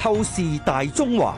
透視大中華。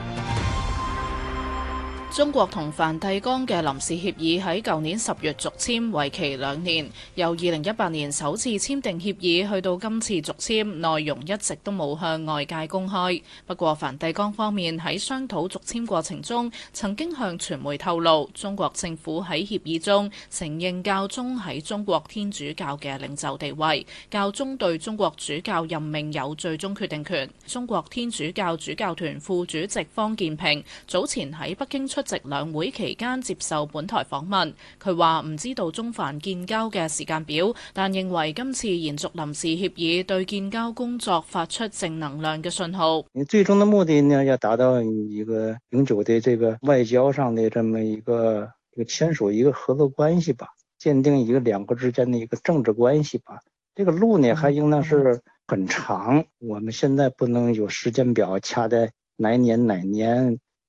中國同梵蒂岡嘅臨時協議喺舊年十月續簽，為期兩年。由二零一八年首次簽訂協議去到今次續簽，內容一直都冇向外界公開。不過梵蒂岡方面喺商討續簽過程中，曾經向傳媒透露，中國政府喺協議中承認教宗喺中國天主教嘅領袖地位，教宗對中國主教任命有最終決定權。中國天主教主教團副主席方建平早前喺北京出出席兩會期間接受本台訪問，佢話唔知道中梵建交嘅時間表，但認為今次延續臨時協議對建交工作發出正能量嘅信號。你最終的目的呢，要達到一個永久的這個外交上的這麼一個簽署一個合作關係吧，鑒定一個兩國之間的一個政治關係吧。這個路呢，還應當是很長，我們現在不能有時間表，掐在哪年哪年。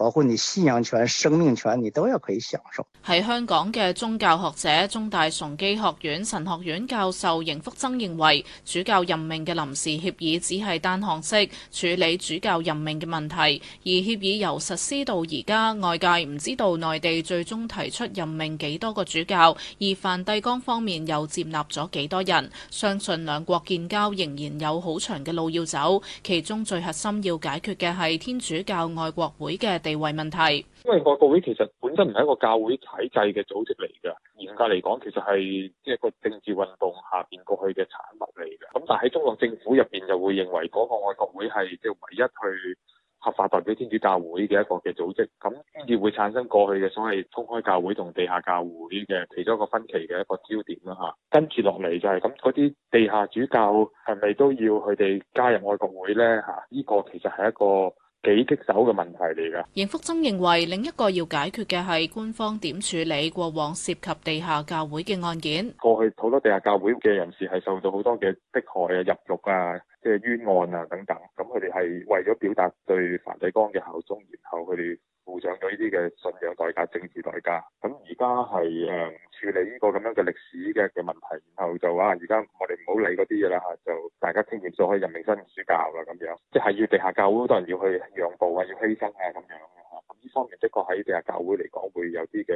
包括你信仰權、生命權，你都要可以享受。喺香港嘅宗教學者、中大崇基學院神學院教授邢福增認為，主教任命嘅臨時協議只係單項式處理主教任命嘅問題，而協議由實施到而家，外界唔知道內地最終提出任命幾多個主教，而梵蒂岡方面又接納咗幾多人。相信兩國建交仍然有好長嘅路要走，其中最核心要解決嘅係天主教愛國會嘅。地位問題，因為愛國會其實本身唔係一個教會體制嘅組織嚟嘅，嚴格嚟講，其實係即係一個政治運動下邊過去嘅產物嚟嘅。咁但係喺中國政府入邊就會認為嗰個愛國會係即係唯一去合法代表天主教會嘅一個嘅組織，咁先至會產生過去嘅所謂公開教會同地下教會嘅其中一個分歧嘅一個焦點啦嚇。跟住落嚟就係、是、咁，嗰啲地下主教係咪都要佢哋加入愛國會呢？嚇、啊？依、這個其實係一個。幾棘手嘅問題嚟噶？邢福增認為，另一個要解決嘅係官方點處理過往涉及地下教會嘅案件。過去好多地下教會嘅人士係受到好多嘅迫害啊、入獄啊、即係冤案啊等等。咁佢哋係為咗表達對梵蒂岡嘅效忠，然後佢哋付上咗呢啲嘅信仰代價、政治代價。咁而家係誒處理呢個咁樣嘅歷史嘅嘅問題，然後就話，而家我哋唔好理嗰啲嘢啦嚇，就大家傾完就可以任命新主教啦咁樣，即係要地下教會好多人要去讓步啊，要犧牲啊咁樣嚇。咁呢方面，的確喺地下教會嚟講，會有啲嘅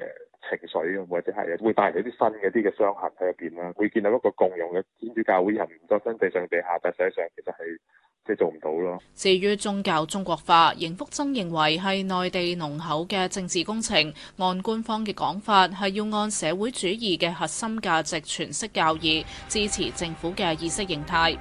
情緒，或者係會帶嚟啲新嘅啲嘅傷痕喺入邊啦。會見到一個共融嘅天主教會人唔單單地上地下，但實際上其實係。即做唔到咯。至於宗教中國化，邢福增認為係內地濃厚嘅政治工程。按官方嘅講法，係要按社會主義嘅核心價值詮釋教義，支持政府嘅意識形態。